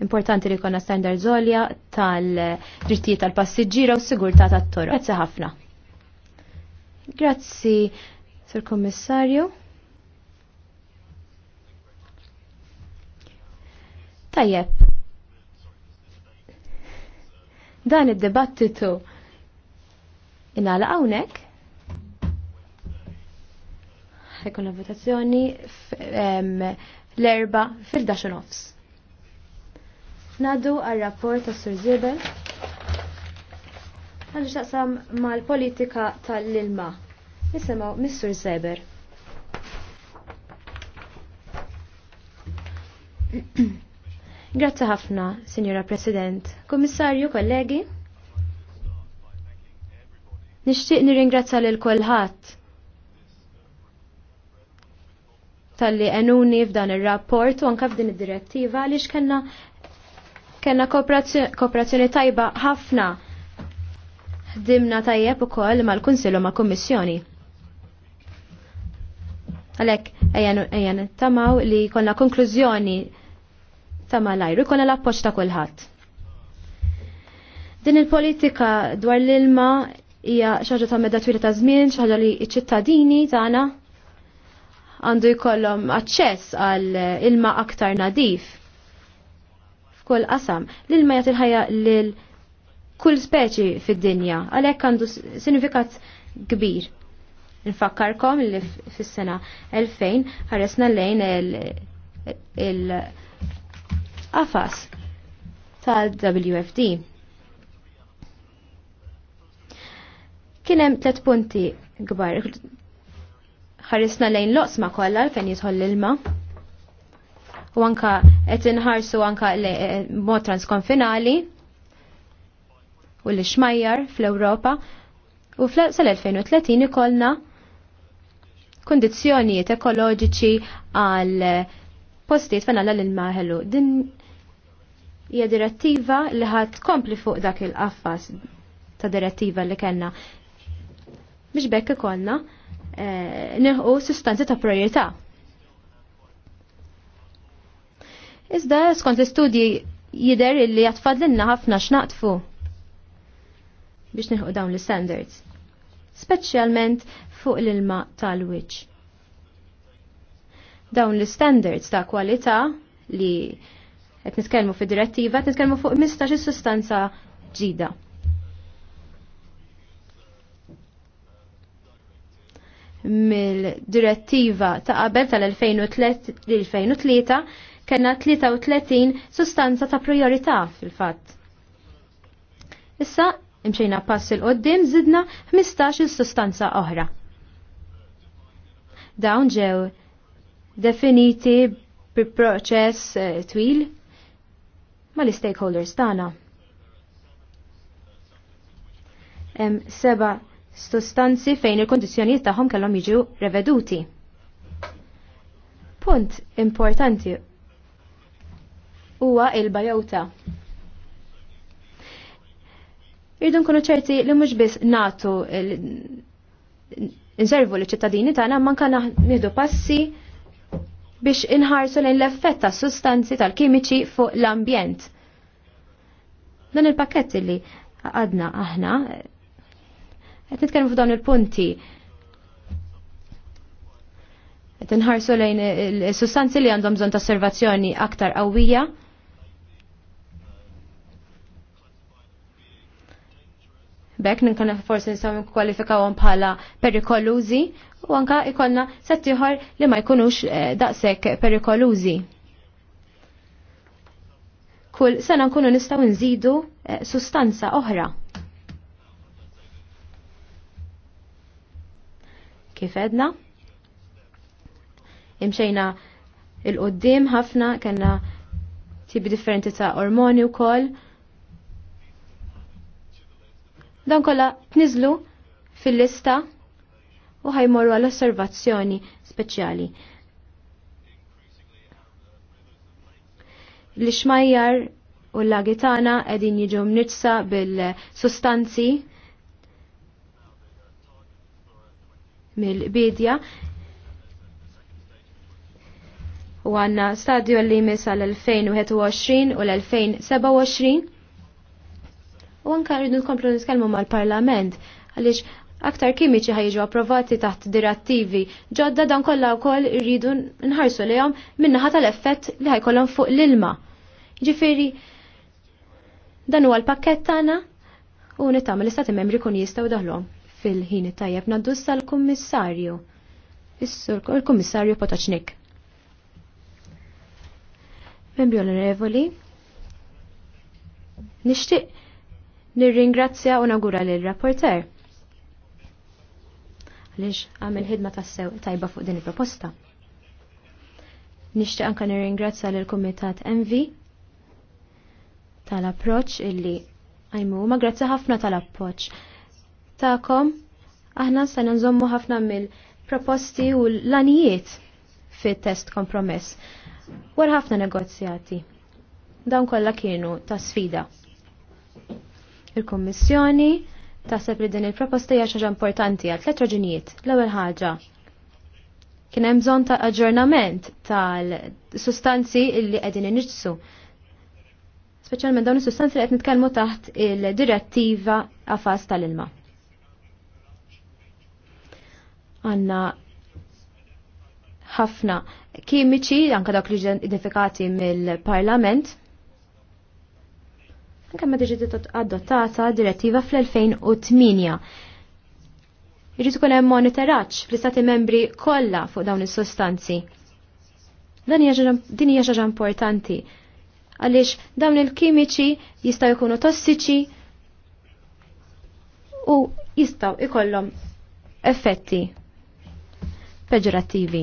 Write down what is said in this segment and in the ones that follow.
Importanti li konna standard zolja tal-drittijiet tal-passiġġiera u sigurtà tat-toro. Grazzi ħafna. Grazzi, Sir Kommissarju. Tajjeb. Dan id-dibattitu inala hawnhekk la votazzjoni l-erba fil-daxinofs. Nadu għal-rapport ta' Sur Zibel. Għalix taqsam mal-politika tal-ilma. Nisimaw Missur Zeber. Grazzi ħafna, Signora President. Kommissarju, kollegi. Nixtieq nirringrazzja lil kulħadd tal-li enuni f'dan ir rapport u anke f'din id-direttiva għaliex kellna kena kooperazzjoni tajba ħafna. Ħdimna tajjeb ukoll mal-Kunsillu ma' Kummissjoni. Għalek, ejjan tamaw li konna konklużjoni ta' malajru, konna l-appoċ ta' kullħat. Din il-politika dwar l-ilma hija xaġa ta' medda twila ta' żmien, xaġa li ċ-ċittadini tagħna għandu jkollhom aċċess għal ilma aktar nadif kull qasam. L-ilma jagħti l-ħajja lil kull speċi fid-dinja, għalhekk għandu sinifikat kbir. Nfakkarkom li fis-sena 2000 ħaresna lejn il-qafas tal-WFD. Kien hemm tliet punti kbar, Ħarisna lejn loqsma kollha fejn jidħol l-ilma u anka qed inħarsu anka eh, mod transkonfinali u li xmajjar fl-Ewropa u sal-2030 ikolna kondizjonijiet ekoloġiċi għal postiet fena l ma'ħelu. Din hija direttiva li ħadd kompli fuq dak il-qaffas ta' direttiva li kellna. Biex bekk ikollna eh, nilħu sustanzi ta' priorità. Iżda skont l-istudji jider illi jatfadlinna ħafna x'naqtfu biex nilħu dawn l-standards. Speċjalment fuq l-ilma tal-wiċ. Dawn l-standards ta' kwalità li qed nitkellmu fi direttiva qed nitkellmu fuq 15 sustanza ġida. Mill-direttiva ta' qabel tal-2003 kena 33 sustanza ta' priorità fil-fatt. Issa, imxejna pass il-qoddim zidna 15 sustanza oħra. Dawn ġew definiti bi proċess eh, twil ma li stakeholders tagħna. Hemm seba' sustanzi fejn il-kondizzjonijiet tagħhom kellhom jiġu reveduti. Punt importanti huwa il bajawta Irridu nkunu ċerti li mhux biss nagħtu nservu li ċittadini tagħna manka nieħdu passi biex inħarsu lejn l-effett tas sustanzi tal-kimiċi fuq l-ambjent. Dan il pakketti li għadna aħna qed nitkellmu f'dawn il-punti qed inħarsu lejn il-sustanzi li għandhom bżonn ta' osservazzjoni aktar qawwija Bekk ninkun forsi nistgħu nkwalifikawhom bħala perikolużi u anka ikonna settiħor li ma jkunux eh, daqshekk perikolużi. Kull sena nkunu nistgħu nżidu eh, sustanza oħra. Kif edna? Imxejna il-qoddim ħafna kellna tibi differenti ta' ormoni u koll Dan kollha tniżlu fil-lista u ħajmorru għall osservazzjoni speċjali. L-ixmajjar u l-lagitana edin jiġu mnitsa bil-sustanzi mill-bidja u għanna stadju li mis għal 2021 u l-2027 U anka rridu nkomplu nitkellmu mal-Parlament għaliex aktar kimiċi ħajġu approvati taħt dirattivi ġodda dan u wkoll irridu nħarsu minna ħata tal-effett li ħajkollon fuq l-ilma. Ġifiri, dan huwa l-pakkett tagħna u nittama l-istati membri kun jistgħu daħlhom fil-ħin tajjeb naddus tal-kummissarju. Issur, il-kummissarju Potoċnik. Membri onorevoli, nixtieq nirringrazzja u nagura lil rapporter għaliex għamil ħidma tas-sew tajba fuq din il-proposta. Nixtieq anka nirringrazzja lil kumitat Envi tal-approċ illi għajmu ma grazzja ħafna tal-approċ. Ta'kom aħna se nżommu ħafna mill-proposti u l-anijiet fit-test kompromess. Wara ħafna negozjati. Dan kollha kienu ta' sfida. Il-Kommissjoni taħseb li din il-proposta hija ħaġa importanti għal tliet raġunijiet. L-ewwel ħaġa kien hemm bżonn ta' aġġornament tal-sustanzi li qegħdin iniġsu. Speċjalment dawn is-sustanzi li qed nitkellmu taħt il-direttiva għafas tal-ilma. Għanna ħafna kimiċi, anka dawk li ġen identifikati mill-parlament, Kemm meta ġiet adottata direttiva fl-2008. Irid ikun hemm monitoraġġ fl-istati membri kollha fuq dawn is-sostanzi. Dan din hija ġaġa importanti għaliex dawn il-kimiċi jistgħu jkunu tossiċi u jistgħu ikollhom effetti peġorattivi.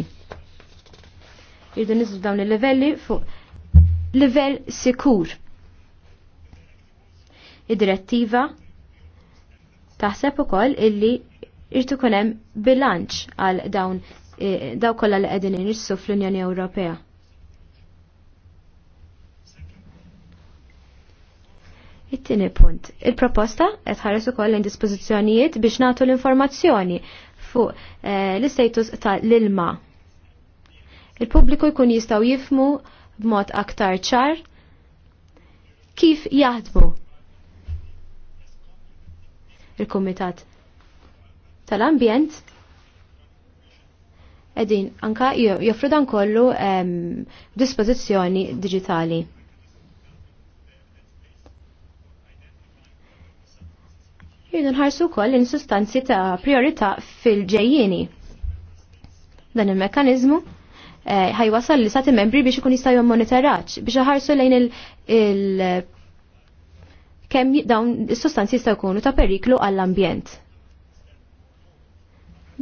Irdu niżlu dawn il-livelli fuq livell sikur. Id-direttiva taħseb ukoll illi irtu kunem bilanċ għal dawn eh, daw kollha li qegħdin inissu fl-Unjoni Ewropea. It-tieni punt. Il-proposta qed u ukoll l dispożizzjonijiet biex nagħtu l-informazzjoni fuq eh, l-istatus tal-ilma. Il-pubbliku jkun jistgħu jifmu b'mod aktar ċar kif jaħdmu il-Kumitat tal-Ambjent edin anka joffru dan kollu um, dispożizzjoni digitali. Jien nħarsu koll in sustanzi ta' priorità fil-ġejjini. Dan il-mekkanizmu eh, ħajwasal li sati membri biex ikun jista' jom biex ħarsu lejn il-, il kemm dawn is-sostanzi jistgħu jkunu ta' periklu għall-ambjent.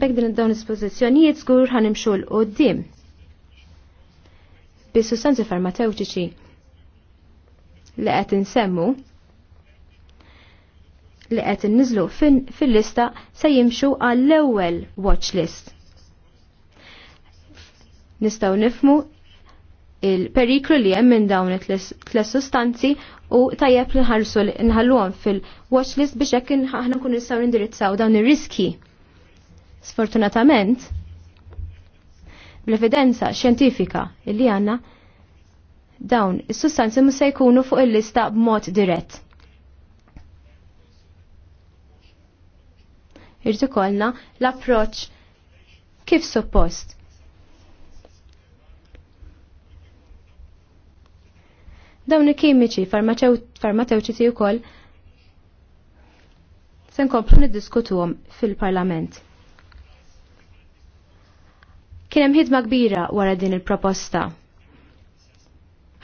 Bek din dawn is-pożizzjonijiet żgur ħanimxu l qoddim bis-sustanzi farmaceutiċi li qed insemmu li qed inniżlu fil-lista se jimxu għall-ewwel watch list. Nistgħu nifmu il-periklu li hemm minn dawn it-tles sustanzi u tajjeb li nħarsu nħalluhom fil-watch list biex hekk aħna nkunu nistgħu indirizzaw dawn ir-riski. Sfortunatament, l-evidenza xjentifika li għandna dawn is-sustanzi mhux se jkunu fuq il-lista b'mod dirett. Irrid ikollna l-approċċ kif suppost Dawn il-kimiċi, farmaceutiċi u koll, sen komplu niddiskutuhom fil-parlament. Kienem ħidma kbira wara din il-proposta.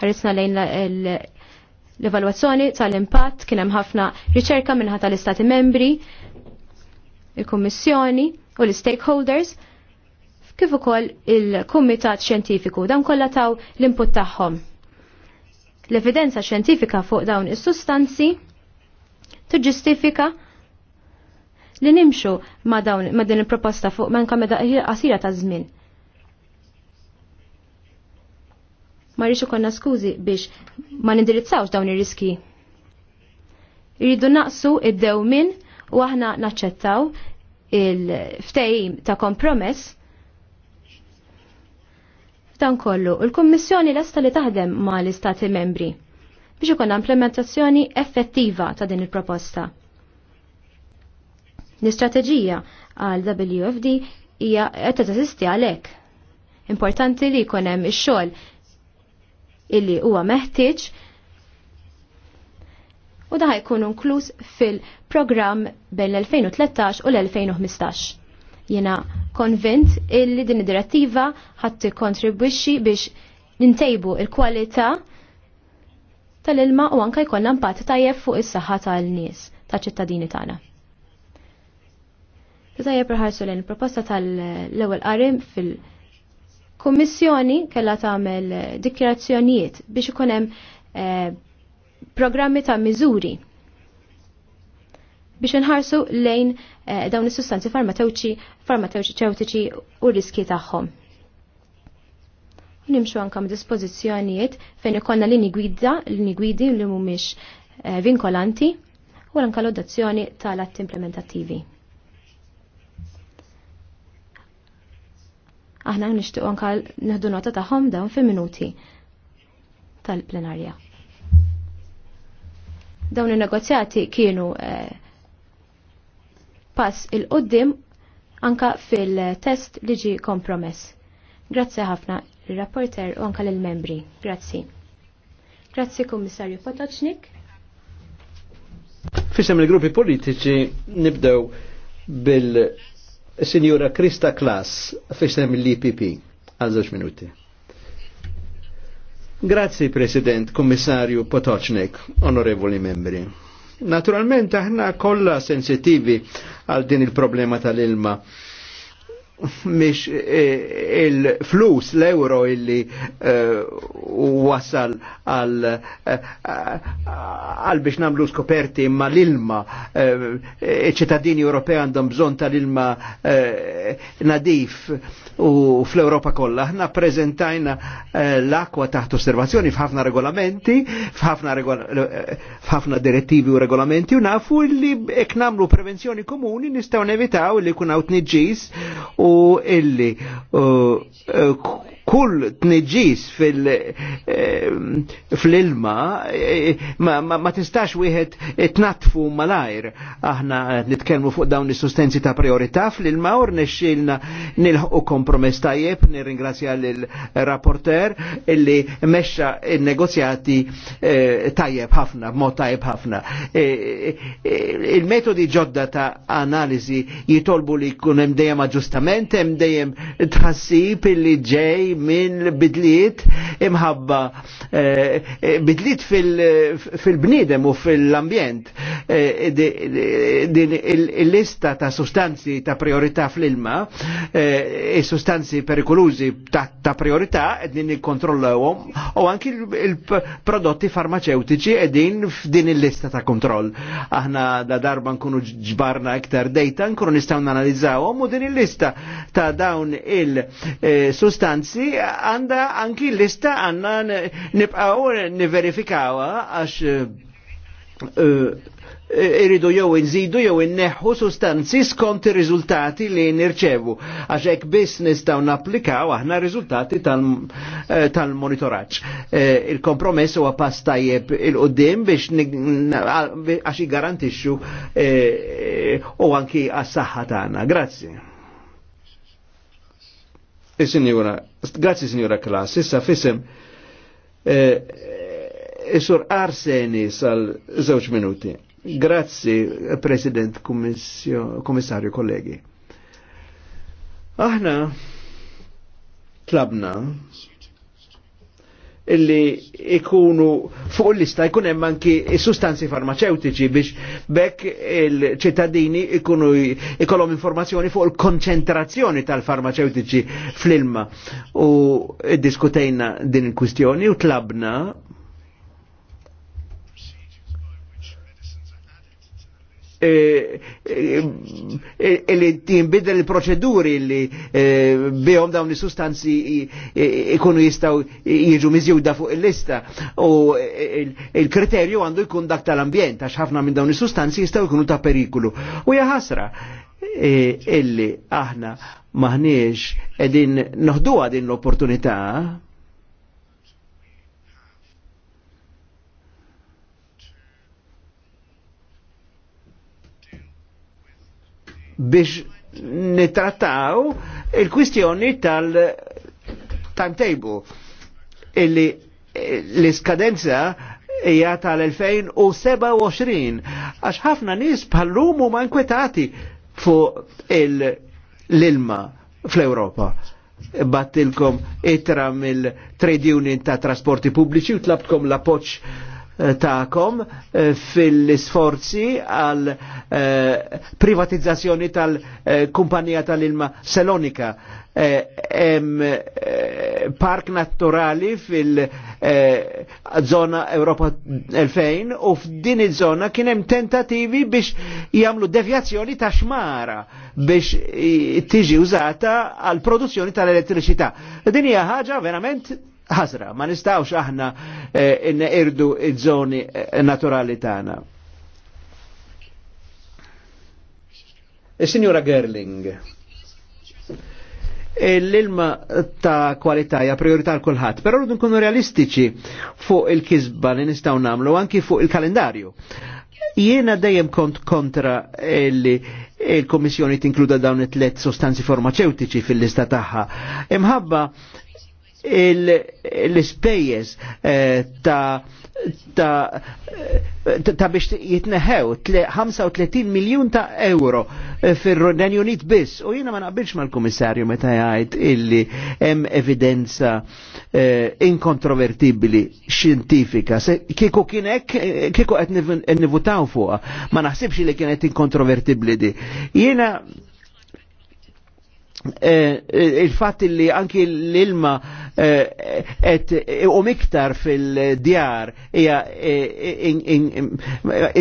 Ħarisna lejn l-evalwazzjoni tal-impatt, kienem ħafna riċerka minnħa tal-Istati membri, il-Kommissjoni u l-stakeholders, kif ukoll il-Kumitat Xjentifiku dan kollha taw l-input tagħhom. L-evidenza xjentifika fuq dawn is-sustanzi tiġġustifika li nimxu ma' dawn ma' din il-proposta fuq manka meda qasira ta' żmien. Ma rridx ikollna skużi biex ma nindirizzawx dawn ir-riski. Irridu naqsu id-dewmin u aħna naċċettaw il-ftehim ta' kompromess Dan kollu, il-Kummissjoni lesta li taħdem ma l-Istati membri biex ikun implementazzjoni effettiva ta' din il-proposta. L-istrateġija għal WFD hija qed teżisti għalhekk. Importanti li jkun hemm ix-xogħol illi huwa meħtieġ u daħ jkun inkluż fil-programm bejn l-2013 u l-2015. Jena konvint illi din id-direttiva ħadd kontribwixxi biex nintejbu il-kwalità tal-ilma u anka jkollna impatt tajjeb fuq is-saħħa tal-nies tal ċittadini tagħna. Tajjeb rħarsu lejn il-proposta tal-ewwel qarim fil- Kummissjoni kellha tagħmel dikjarazzjonijiet biex ikun hemm eh, programmi ta' miżuri biex inħarsu lejn eh, dawn is-sustanzi farmaceutiċi u riski tagħhom. Nimxu anka dispożizzjonijiet fejn ikollna lini gwida, l gwidi li mhumiex eh, vinkolanti u anka l-odazzjoni tal-att implementattivi. Aħna nixtiequ anka neħdu nota tagħhom dawn fi minuti tal-plenarja. Dawn in-negozjati kienu eh, pass il-qoddim anka fil-test li ġi kompromess. Grazzi ħafna il-rapporter u anka l-membri. Grazzi. Grazzi Kummissarju Potocznik. Fisem il-gruppi politiċi nibdew bil-Sinjura Krista Klas fisem l-IPP għal żewġ minuti. Grazzi President, Kommissarju Potocznik, onorevoli membri. Naturalment aħna kollha sensittivi għal din il-problema tal-ilma mish eh, il-flus l-euro illi eh, wasal eh, għal biex namlu skoperti imma l-ilma ċittadini Europei għandhom bżon tal-ilma nadif u fl-Europa kollha. Aħna preżentajna l-akwa taħt osservazzjoni f'ħafna regolamenti, f'ħafna direttivi u regolamenti u nafu li ek namlu prevenzjoni komuni nistgħu nevitaw li kun hawn tniġġis u u illi kull tneġis fil-ilma eh, eh, ma tistax wieħed tnatfu malajr. Aħna nitkellmu fuq dawn is-sustenzi ta' priorità fl-ilma u rnexxilna nilħu kompromess tajjeb, nirringrazzja lill-rapporter illi mexxa n negozjati eh, tajjeb ħafna, b'mod tajjeb ħafna. Il-metodi ġodda ta' analiżi jitolbu li jkun hemm dejjem aġġustament, hemm dejjem tħassib illi ġej minn bidliet imħabba eh, eh, bidliet fil-bniedem u fil-ambjent. Eh, din il-lista ta' sustanzi ta' priorità fl-ilma, e sustanzi perikolużi ta' priorità din ikkontrollawhom u anki il-prodotti farmaceutiċi edin f'din il-lista ta' kontroll. Aħna da darba nkunu ġbarna iktar dejta, nkunu nistgħu nanalizzawhom u din il-lista ta' dawn il-sustanzi għanda anki lista għanna nibqaw niverifikawa għax eh, eh, iridu jew inżidu jew inneħħu sustanzi skont ir-riżultati li nirċevu għax hekk biss nistgħu napplikaw aħna r-riżultati eh, tal-monitoraġġ. Il-kompromess huwa pass tajjeb il-qudiem biex għax jiggarantixxu u anki għas-saħħa tagħna. Grazzi. Is-Sinjura Grazzi, signora Klas. Issa fissem, eh, eh, Isur Arseni sal zewċ minuti. Grazzi, President, Kommissarju, kollegi. Aħna tlabna illi ikunu fuq l-lista jkun hemm anki sustanzi farmaceutiċi biex bekk il-ċittadini ikunu ikollhom informazzjoni fuq il-konċentrazzjoni tal-farmaceutiċi fl-ilma. U eh, diskutejna din il-kwistjoni u tlabna Eh, eh, eh, li timbidel il-proċeduri li bihom dawn sustanzi ikunu jistaw jiġu miżjuda fuq il-lista u il-kriterju għandu jkun dak tal-ambjent għax ħafna minn dawn sustanzi jistaw jkunu ta' perikolu. U jaħasra illi aħna maħniex edin noħdu għadin l-opportunità biex nitrattaw il-kwistjoni tal-timetable illi eh, l-iskadenza hija tal-2027 għax ħafna nies bħallum huma inkwetati fuq l-ilma fl-Ewropa. Battilkom itra mill-trade union ta' trasporti pubbliċi u tlabkom l-appoċ ta'kom eh, fil-sforzi għal eh, privatizzazzjoni tal-kumpanija tal-ilma Selonika. Eh, park naturali fil-zona Europa 2000 u f'din iż zona kien hemm tentativi biex jagħmlu devjazzjoni ta' xmara biex tiġi użata għal produzzjoni tal-elettriċità. Din hija ħaġa verament ħasra. Ma nistawx aħna eh, irdu id żoni eh, naturali tagħna. Il-Signora eh, Gerling. L-ilma ta' kwalità hija priorità l kulħadd, però rridu nkunu realistiċi fuq il-kisba li nistgħu nagħmlu anki fuq il-kalendarju. Jiena dejjem kont kontra li il-Komissjoni tinkluda dawn it-tlet sostanzi farmaceutiċi fil-lista tagħha. Imħabba l-ispejjeż eh, ta' eh, ta', biex jitneħew 35 miljun ta' euro eh, fil renju Unit biss u jiena ma naqbilx mal-Kummissarju meta jgħid illi hemm evidenza eh, inkontrovertibbli xjentifika. Kieku kien hekk kieku qed nivutaw fuqha, ma naħsibx li kienet inkontrovertibli. di. Jiena Eh, eh il fatt li anki l-ilma eh, et eh, u miktar fil-djar hija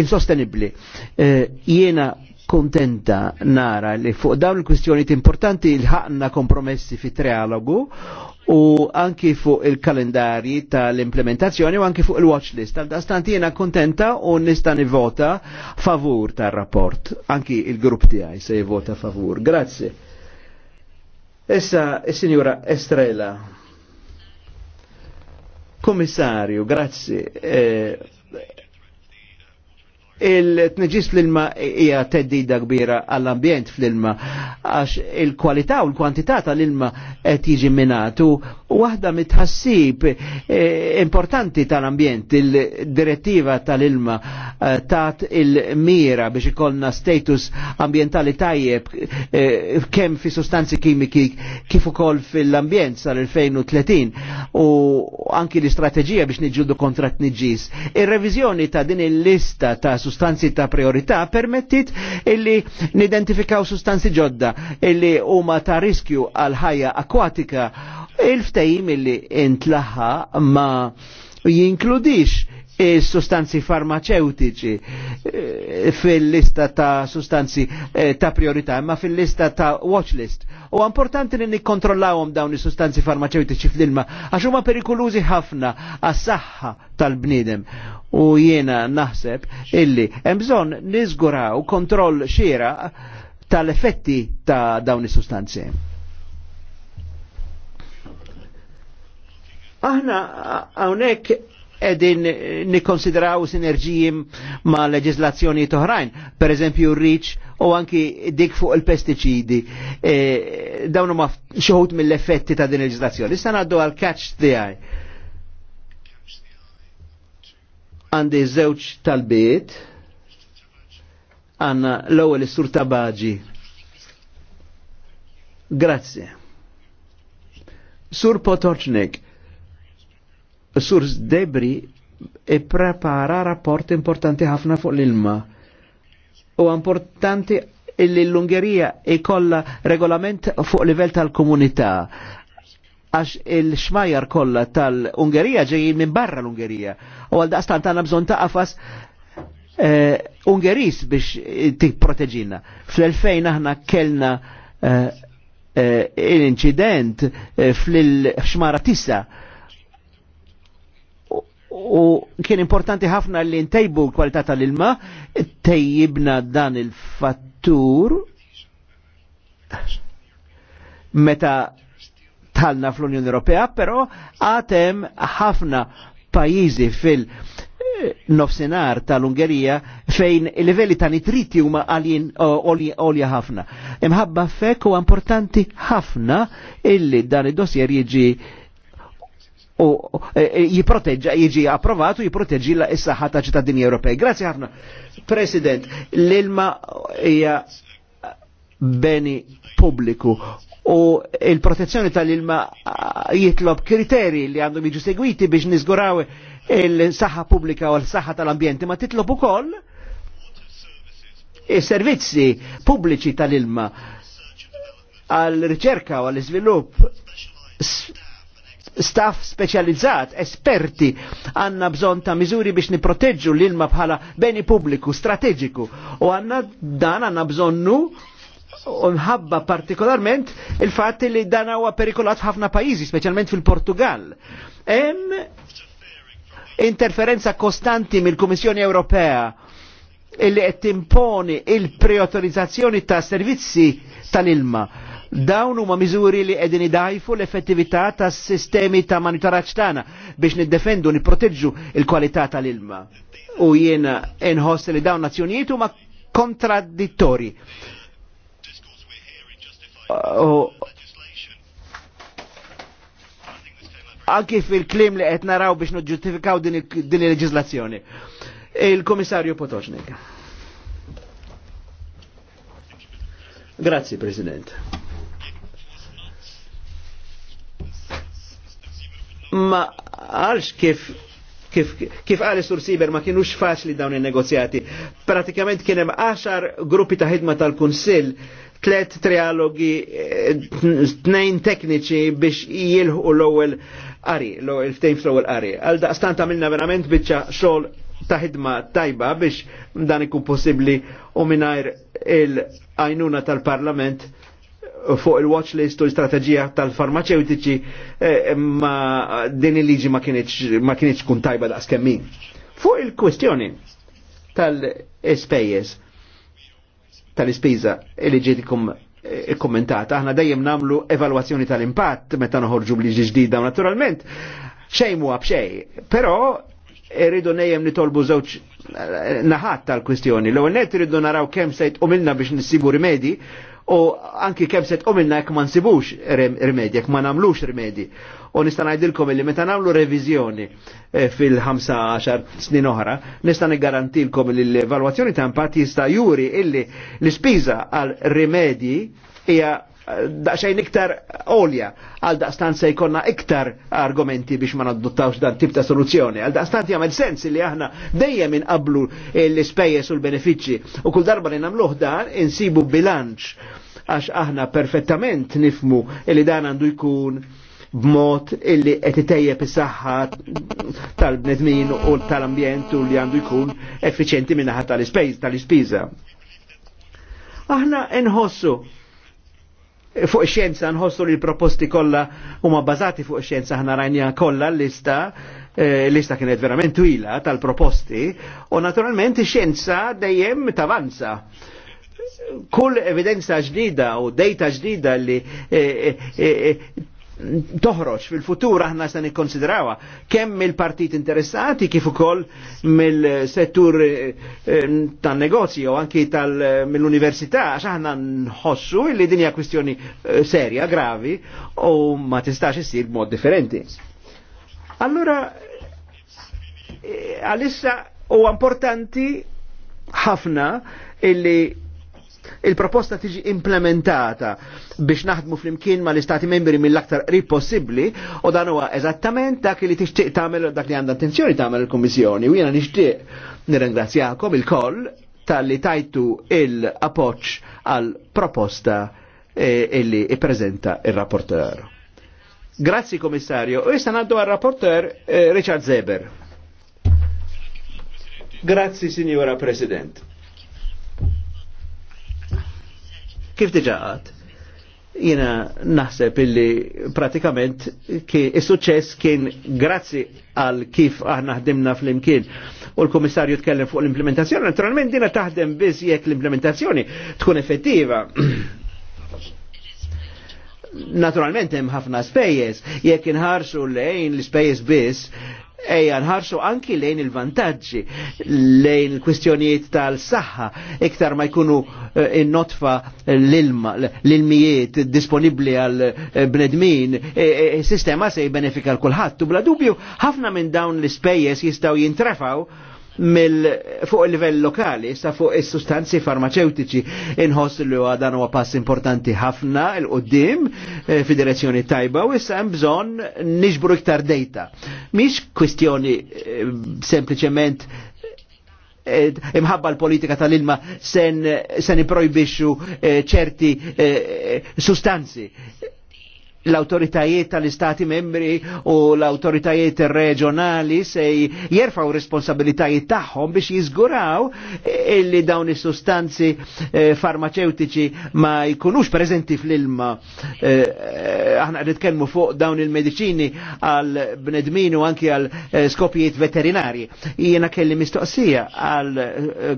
insostenibli. Eh, Jiena kontenta nara li fuq dawn il-kwistjoni importanti il-ħakna kompromessi fi trialogu u anki fuq il-kalendarji tal-implementazzjoni u anki fuq il-watch list. Tal-dastant jena kontenta u nista nivota favur tal-rapport. Anki il-grupp tiegħi se jivota favur. Grazie. Essa eh, signora Estrella, commissario, grazie. Eh, Il-tneġis fl-ilma hija teddida kbira għall-ambjent fl-ilma għax il-kwalità u l-kwantità tal-ilma qed jiġi minatu waħda mitħassib eh, importanti tal-ambjent il-direttiva tal-ilma eh, tat il-mira biex ikollna status ambientali tajjeb eh, kemm fi sostanzi kimiki kif ukoll fil-ambjent sal-2030 u anki l-istrateġija biex niġġuldu kontrat t Ir-reviżjoni ta' din il-lista ta' sustanzi ta' priorità permettit illi nidentifikaw sustanzi ġodda illi huma ta' riskju għal ħajja akwatika il ftehim illi intlaħa ma jinkludix sustanzi farmaceutiċi eh, fil-lista ta' sustanzi eh, ta' priorità, imma fil-lista ta' watch list. U importanti li nikkontrollawhom dawn is-sustanzi farmaceutiċi fl-ilma għax huma perikolużi ħafna għas-saħħa tal-bniedem. U jiena naħseb illi hemm bżonn niżguraw kontroll xiera tal-effetti ta' dawn is-sustanzi. Aħna hawnhekk edin nikonsideraw sinerġiji ma' leġislazzjoni toħrajn, per eżempju r-riċ u anki dik fuq il-pesticidi. E, Dawnu ma' xoħut mill-effetti ta' din leġislazzjoni. Issa għaddu għal catch the eye. Għandi żewġ tal-bit, għanna l-ewwel is-sur tabaġi. Grazie. Sur Potocznik, surs Debri e prepara rapport importanti ħafna fuq l-ilma. U importanti illi l-Ungerija ikolla regolament fuq livell tal-komunità għax il xmajar kolla tal-Ungerija ġejjin minn barra l-Ungerija. U għal daqstant għandna bżon ta' uh, Ungeris biex t-proteġina. Fl-2000 aħna kellna uh, eh, uh, eh, l incident uh, fl-xmara tissa' u kien importanti ħafna li ntejbu l-kwalità tal-ilma, tejjibna dan il-fattur meta talna fl-Unjoni Ewropea, però għatem ħafna pajizi fil- nofsenar tal-Ungerija fejn livelli ta' nitriti huma għalin olja ħafna. Imħabba fek u importanti ħafna illi dan id-dossier jiġi u Eh, eh, jiproteġġa jiġi approvatu jiproteġġi l-saħħa ta' ċittadini Ewropej. Grazzi ħafna. President, l-ilma hija beni pubbliku u il-protezzjoni tal-ilma ah, jitlob kriteri li għandhom jiġu segwiti biex nizguraw il-saħħa pubblika u l-saħħa tal-ambjenti ma titlob ukoll is-servizzi pubbliċi tal-ilma għal riċerka u għall iżvilupp staff specializzat, esperti, għanna bżon ta' miżuri biex niproteġġu l-ilma bħala beni pubbliku, strategiku. U għanna dan għanna bżonnu unħabba partikolarment il-fatti li dan huwa perikolat f'ħafna pajizi, specialment fil-Portugal. Hemm interferenza kostanti mill-Kummissjoni Ewropea illi qed timponi il-priotorizzazzjoni ta' servizzi tal-ilma Dawn huma miżuri li qegħdin idajfu l-effettività tas-sistemi ta' monitoraġġ tagħna biex niddefendu nipproteġġu l-kwalità tal-ilma. U jiena inħoss li dawn nazzjonijiet huma kontradittori. Anki fil-klim li qed naraw biex noġġustifikaw din il-leġiżlazzjoni. Il-Komissarju Potocznik. Grazie Presidente. ma għalx kif kif, kif għal sur Siber ma kienux faċli dawn il-negozjati. Pratikament kienem 10 gruppi ta' ħidma tal-Kunsill, tlet trialogi, eh, tnejn tekniċi biex jilħu l-ewwel qari, l-ewwel ftejn fl-ewwel qari. Għal daqstant għamilna verament biċċa xogħol ta' ħidma tajba biex dan ikun possibbli u mingħajr il-għajnuna tal-Parlament fuq il-watch list u l-istrateġija tal-farmaceutiċi eh, ma din il-liġi ma kienieċ kun tajba daqs kemmin. Fuq il-kwestjoni tal-espejjes, tal-ispiża li ġedikum eh, kommentata, aħna dejjem namlu evalwazzjoni tal-impatt meta noħorġu bliġi ġdida naturalment xejn huwa b'xej, però irridu nejjem nitolbu żewġ eh, naħat tal-kwistjoni. l għonet net irridu naraw kemm se jtqumilna biex nissibu rimedi u anki kemm se u minna jekk ma nsibux rimedi, jekk ma nagħmlux rimedi. U nista' ngħidilkom illi meta nagħmlu revizjoni eh, fil-15 snin oħra, nista' niggarantilkom li l-evalwazzjoni ta' impatti jista' juri illi l-ispiża għal rimedi hija daqxajn iktar olja, għal daqstan se jkonna iktar argumenti biex ma nadduttawx dan tip ta' soluzzjoni, għal daqstan jgħamil sens li aħna dejjem qablu l-ispejjeż u l-benefiċċji u kull darba li namluħ dan insibu bilanċ għax aħna perfettament nifmu li dan għandu jkun b'mod illi qed itejjeb is-saħħa tal-bnedmin u tal-ambjent u li għandu jkun effiċjenti naħa tal-ispejż tal-ispiża. Aħna nħossu fuq xjenza nħossu li l-proposti kollha huma bażati fuq xjenza ħna rajnija kollha l-lista eh, l-lista kienet verament twila tal-proposti u naturalment xienza dejjem tavanza kull evidenza ġdida u data ġdida li eh, eh, toħroġ fil-futur aħna se nikkonsidrawha kemm il-partit interessati kif ukoll mill-settur eh, eh, tan-negozji u anki mill-università għax aħna nħossu li din hija kwistjoni eh, serja, gravi u ma tistax issir b'mod differenti. Allura għalissa u importanti ħafna illi il-proposta tiġi implementata biex naħdmu flimkien ma l-istati membri mill-aktar qrib possibbli u dan huwa eżattament dak li tixtieq tagħmel dak li għandha intenzjoni tagħmel il-Kummissjoni u jiena nixtieq nirringrazzjakom il-koll tal-li tajtu il-appoġġ għal proposta e, illi ippreżenta il-rapporter. Grazzi Komissarju. U jista ngħaddu għal-rapporter e, Richard Zeber. Grazzi, Signora President. Kif diġaqat? Jina naħseb illi pratikament ki il-suċess kien grazzi għal kif aħna ħdimna fl-imkien u l-komissarju tkellem fuq l-implementazzjoni, naturalment dina taħdem biss jekk l-implementazzjoni tkun effettiva. naturalment hemm ħafna spejjeż, jekk inħarsu lejn l-ispejjeż biss, Ejja, nħarsu anki lejn il-vantaġġi, lejn il-kwistjonijiet tal-saħħa, iktar ma jkunu eh, in l-ilma, l-ilmijiet disponibli għal eh, bnedmin, e, e, e, sistema se jbenefika l-kulħadd. U bla dubju, ħafna minn dawn l-ispejjeż jistgħu jintrefaw mill fuq il-livell lokali, sa fuq is-sustanzi farmaceutiċi inħoss li huwa dan huwa pass importanti ħafna il qudiem e, eh, fi direzzjoni tajba u issa hemm bżonn niġbru iktar dejta. Mhix kwistjoni eh, sempliċement eh, imħabba l-politika tal-ilma sen, sen iprojbixu ċerti sustanzi l-autoritajiet tal-istati membri u l-autoritajiet reġjonali se jerfaw responsabilitajiet tagħhom biex jiżguraw illi dawn is-sustanzi eh, farmaceutiċi ma jkunux preżenti fl-ilma. Eh, aħna qed nitkellmu fuq dawn il-mediċini għal bnedmin u anki għal eh, skopijiet veterinari. Jiena kelli mistoqsija għal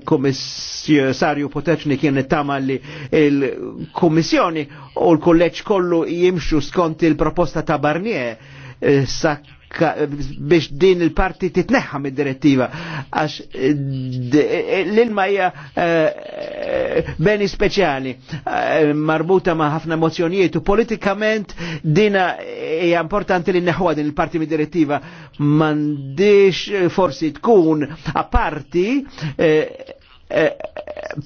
kommissarju Potecnik kien nittama li il-Kummissjoni u l-kolleġġ kollu jimxu skont il-proposta ta' Barnier eh, biex din il-parti titneħħa mid-direttiva għax eh, eh, l-ilma hija beni speċjali marbuta ma' ħafna emozjonijiet u politikament dina hija importanti li neħwa din il-parti mid-direttiva m'għandix forsi tkun a parti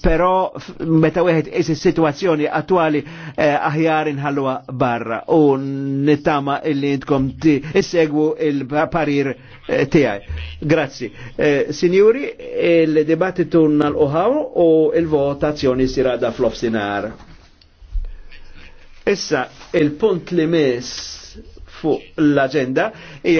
però meta wieħed is is-sitwazzjoni attwali eh, aħjar inħalluha barra u nittama illi intkom issegwu il-parir eh, tiegħi. Grazzi. Eh, Sinjuri, il-dibattitu nal-uħaw u il-votazzjoni sirada fl-ofsinar. Issa, il-punt li mis fuq l-agenda